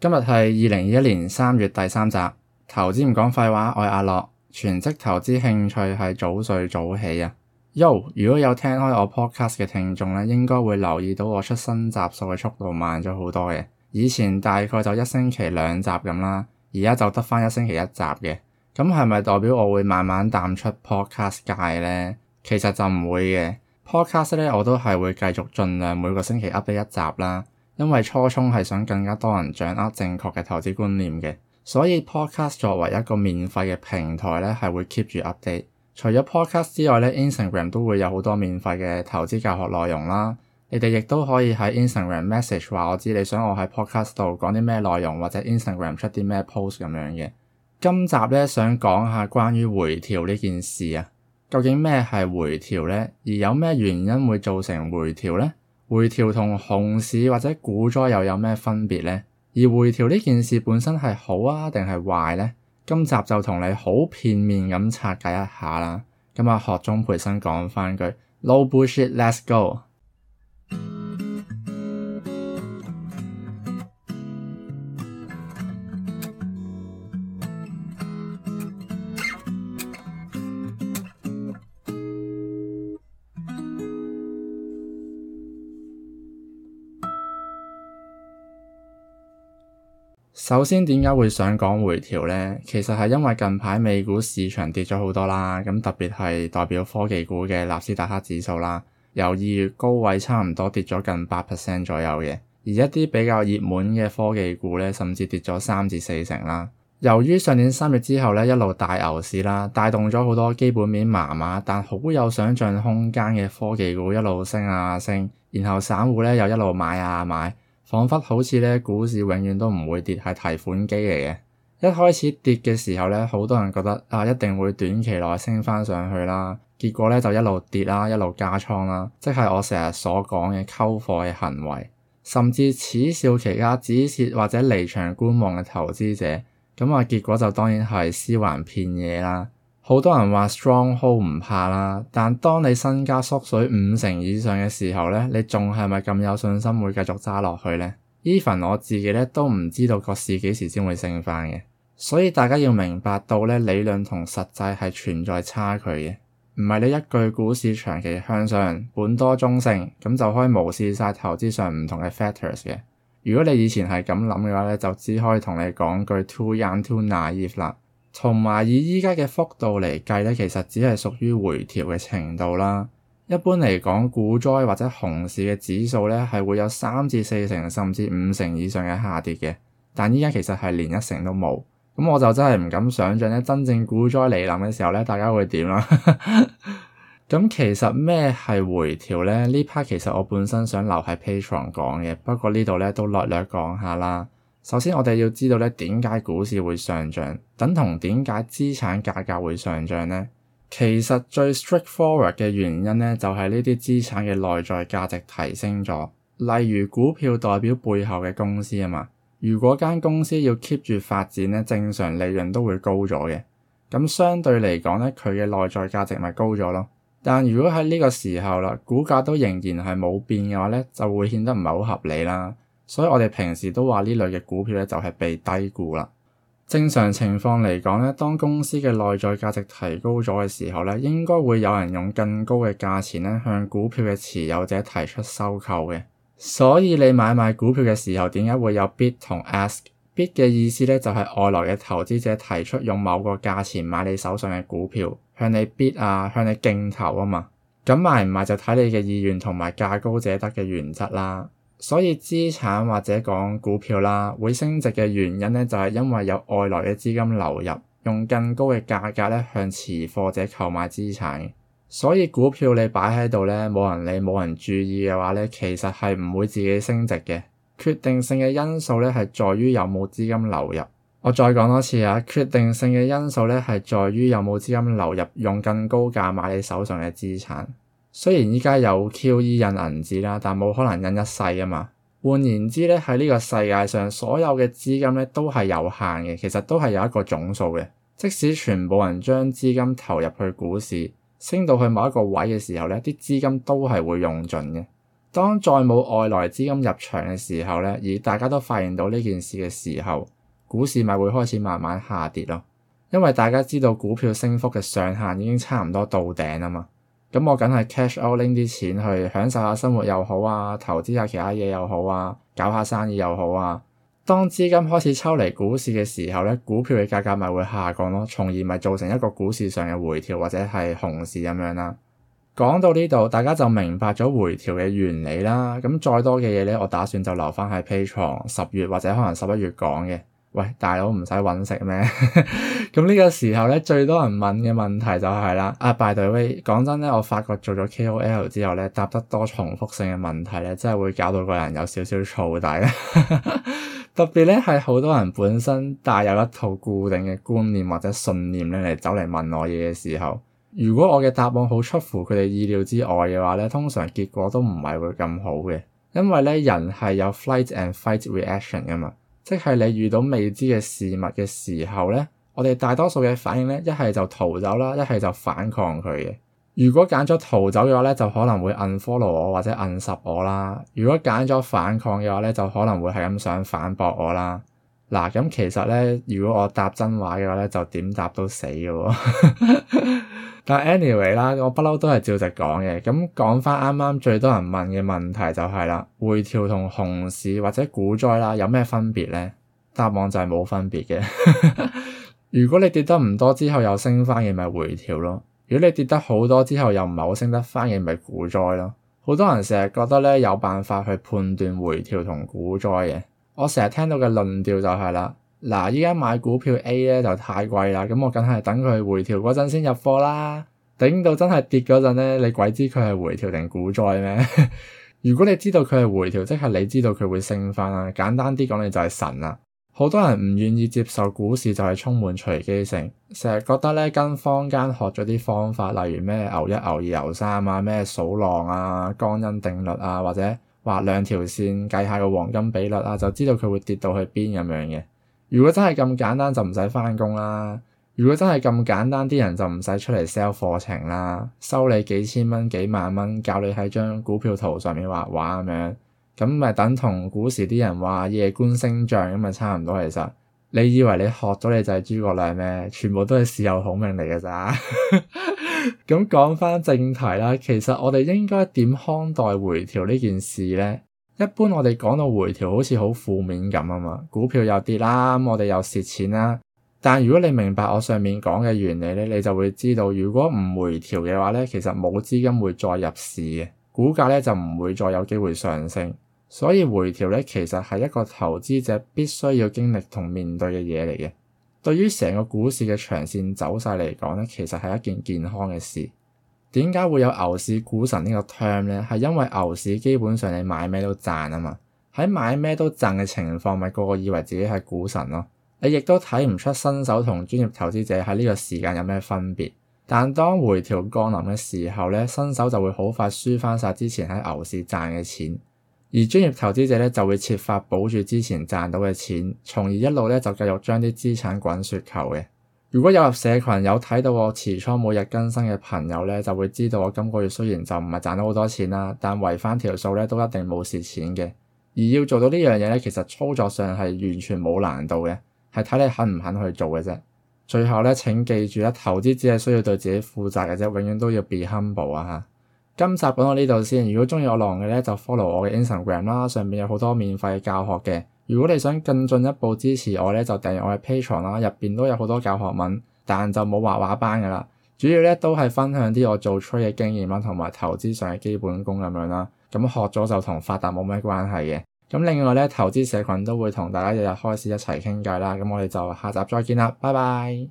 今日係二零二一年三月第三集，投資唔講廢話，我係阿樂，全職投資興趣係早睡早起啊。喲，如果有聽開我 podcast 嘅聽眾咧，應該會留意到我出新集數嘅速度慢咗好多嘅。以前大概就一星期兩集咁啦，而家就得翻一星期一集嘅。咁係咪代表我會慢慢淡出 podcast 界咧？其實就唔會嘅，podcast 咧我都係會繼續盡量每個星期 up 一集啦。因為初衷係想更加多人掌握正確嘅投資觀念嘅，所以 podcast 作為一個免費嘅平台咧，係會 keep 住 update。除咗 podcast 之外咧，Instagram 都會有好多免費嘅投資教學內容啦。你哋亦都可以喺 Instagram message 話我知你想我喺 podcast 度講啲咩內容，或者 Instagram 出啲咩 post 咁樣嘅。今集咧想講下關於回調呢件事啊，究竟咩係回調咧？而有咩原因會造成回調咧？回調同熊市或者股災又有咩分別咧？而回調呢件事本身係好啊定係壞咧？今集就同你好片面咁拆解一下啦。咁啊，學鐘培生講翻句 n o bullshit，let's go。首先點解會想講回調咧？其實係因為近排美股市場跌咗好多啦，咁特別係代表科技股嘅納斯達克指數啦，由二月高位差唔多跌咗近八 percent 左右嘅，而一啲比較熱門嘅科技股咧，甚至跌咗三至四成啦。由於上年三月之後咧，一路大牛市啦，帶動咗好多基本面麻麻但好有想像空間嘅科技股一路升啊升，然後散戶咧又一路買啊買。彷彿好似呢，股市永遠都唔會跌，係提款機嚟嘅。一開始跌嘅時候呢，好多人覺得啊，一定會短期內升返上去啦。結果呢，就一路跌啦，一路加倉啦，即係我成日所講嘅溝貨嘅行為，甚至恥笑其他止蝕或者離場觀望嘅投資者，咁啊，結果就當然係屍橫遍野啦。好多人話 strong hold 唔怕啦，但當你身家縮水五成以上嘅時候咧，你仲係咪咁有信心會繼續揸落去咧？Even 我自己咧都唔知道個市幾時先會升返嘅，所以大家要明白到咧理論同實際係存在差距嘅，唔係你一句股市長期向上、本多中性咁就可以無視晒投資上唔同嘅 factors 嘅。如果你以前係咁諗嘅話咧，就只可以同你講句 too young too naive 啦。同埋以而家嘅幅度嚟計咧，其實只係屬於回調嘅程度啦。一般嚟講，股災或者熊市嘅指數咧，係會有三至四成甚至五成以上嘅下跌嘅。但而家其實係連一成都冇，咁我就真係唔敢想像咧，真正股災嚟臨嘅時候咧，大家會點啦，啊？咁 其實咩係回調咧？呢 part 其實我本身想留喺 Patreon 講嘅，不過呢度咧都略略講下啦。首先，我哋要知道咧點解股市會上漲，等同點解資產價格會上漲咧？其實最 straightforward 嘅原因咧，就係呢啲資產嘅內在價值提升咗。例如股票代表背後嘅公司啊嘛，如果間公司要 keep 住發展咧，正常利潤都會高咗嘅。咁相對嚟講咧，佢嘅內在價值咪高咗咯。但如果喺呢個時候啦，股價都仍然係冇變嘅話咧，就會顯得唔係好合理啦。所以我哋平時都話呢類嘅股票咧就係被低估啦。正常情況嚟講咧，當公司嘅內在價值提高咗嘅時候咧，應該會有人用更高嘅價錢咧向股票嘅持有者提出收購嘅。所以你買賣股票嘅時候，點解會有 bid 同 ask？bid 嘅意思咧就係外來嘅投資者提出用某個價錢買你手上嘅股票，向你 bid 啊，向你競投啊嘛。咁賣唔賣就睇你嘅意願同埋價高者得嘅原則啦。所以資產或者講股票啦，會升值嘅原因咧，就係因為有外來嘅資金流入，用更高嘅價格咧向持貨者購買資產。所以股票你擺喺度咧，冇人理冇人注意嘅話咧，其實係唔會自己升值嘅。決定性嘅因素咧，係在於有冇資金流入。我再講多次啊，決定性嘅因素咧，係在於有冇資金流入，用更高價買你手上嘅資產。雖然依家有 QE 印銀紙啦，但冇可能印一世啊嘛。換言之咧，喺呢個世界上，所有嘅資金咧都係有限嘅，其實都係有一個總數嘅。即使全部人將資金投入去股市，升到去某一個位嘅時候咧，啲資金都係會用盡嘅。當再冇外來資金入場嘅時候咧，而大家都發現到呢件事嘅時候，股市咪會開始慢慢下跌咯。因為大家知道股票升幅嘅上限已經差唔多到頂啊嘛。咁我梗係 cash out 拎啲錢去享受下生活又好啊，投資下其他嘢又好啊，搞下生意又好啊。當資金開始抽離股市嘅時候咧，股票嘅價格咪會下降咯，從而咪造成一個股市上嘅回調或者係熊市咁樣啦。講到呢度，大家就明白咗回調嘅原理啦。咁再多嘅嘢咧，我打算就留翻喺 Patreon 十月或者可能十一月講嘅。喂，大佬唔使搵食咩？咁呢 個時候咧，最多人問嘅問題就係啦。啊，by the way，講真咧，我發覺做咗 KOL 之後咧，答得多重複性嘅問題咧，真係會搞到個人有少少燥底。 特別咧係好多人本身帶有一套固定嘅觀念或者信念咧嚟走嚟問我嘢嘅時候，如果我嘅答案好出乎佢哋意料之外嘅話咧，通常結果都唔係會咁好嘅，因為咧人係有 flight and fight reaction 噶嘛即係你遇到未知嘅事物嘅時候咧，我哋大多數嘅反應咧，一係就逃走啦，一係就反抗佢嘅。如果揀咗逃走嘅話咧，就可能會 unfollow 我或者 unsub 我啦；如果揀咗反抗嘅話咧，就可能會係咁想反駁我啦。嗱，咁其實咧，如果我答真話嘅話咧，就點答都死㗎喎、哦。 但 anyway 啦，我不嬲都係照直講嘅。咁講翻啱啱最多人問嘅問題就係啦，回調同熊市或者股災啦有咩分別咧？答案就係冇分別嘅。 如果你跌得唔多之後又升翻嘅，咪、就是、回調咯；如果你跌得好多之後又唔係好升得翻嘅，咪、就是、股災咯。好多人成日覺得咧有辦法去判斷回調同股災嘅。我成日聽到嘅論調就係啦，嗱，依家買股票 A 咧就太貴啦，咁我梗係等佢回調嗰陣先入貨啦。頂到真係跌嗰陣咧，你鬼知佢係回調定股災咩？ 如果你知道佢係回調，即係你知道佢會升翻啦。簡單啲講，你就係神啦。好多人唔願意接受股市就係充滿隨機性，成日覺得咧跟坊間學咗啲方法，例如咩牛一牛二牛三啊，咩數浪啊、江恩定律啊，或者，畫兩條線計下個黃金比率啦，就知道佢會跌到去邊咁樣嘅。如果真係咁簡單就唔使翻工啦。如果真係咁簡單，啲人就唔使出嚟 sell 課程啦，收你幾千蚊、幾萬蚊，教你喺張股票圖上面畫畫咁樣，咁咪等同古時啲人話夜觀星象咁，咪差唔多。其實你以為你學咗你就係諸葛亮咩？全部都係事後孔明嚟嘅咋。 咁講翻正題啦，其實我哋應該點看待回調呢件事呢？一般我哋講到回調好似好負面咁啊嘛，股票又跌啦，我哋又蝕錢啦。但如果你明白我上面講嘅原理咧，你就會知道，如果唔回調嘅話咧，其實冇資金會再入市嘅，股價咧就唔會再有機會上升。所以回調咧，其實係一個投資者必須要經歷同面對嘅嘢嚟嘅。對於成個股市嘅長線走勢嚟講咧，其實係一件健康嘅事。點解會有牛市股神呢個 term 咧？係因為牛市基本上你買咩都賺啊嘛。喺買咩都賺嘅情況，咪個個以為自己係股神咯。你亦都睇唔出新手同專業投資者喺呢個時間有咩分別。但當回調降臨嘅時候咧，新手就會好快輸翻晒之前喺牛市賺嘅錢。而專業投資者咧就會設法保住之前賺到嘅錢，從而一路咧就繼續將啲資產滾雪球嘅。如果有入社群有睇到我持倉每日更新嘅朋友咧，就會知道我今個月雖然就唔係賺到好多錢啦，但維圍翻條數咧都一定冇蝕錢嘅。而要做到呢樣嘢咧，其實操作上係完全冇難度嘅，係睇你肯唔肯去做嘅啫。最後咧請記住啦，投資只係需要對自己負責嘅啫，永遠都要 be humble 啊嚇。今集講到呢度先。如果鍾意我郎嘅咧，就 follow 我嘅 Instagram 啦，上面有好多免費教學嘅。如果你想更進一步支持我咧，就訂閱我嘅 Patreon 啦，入邊都有好多教學文，但就冇畫畫班噶啦。主要咧都係分享啲我做 trading 嘅經驗文同埋投資上嘅基本功咁樣啦。咁學咗就同發達冇咩關係嘅。咁另外咧，投資社群都會同大家日日開始一齊傾偈啦。咁我哋就下集再見啦，拜拜。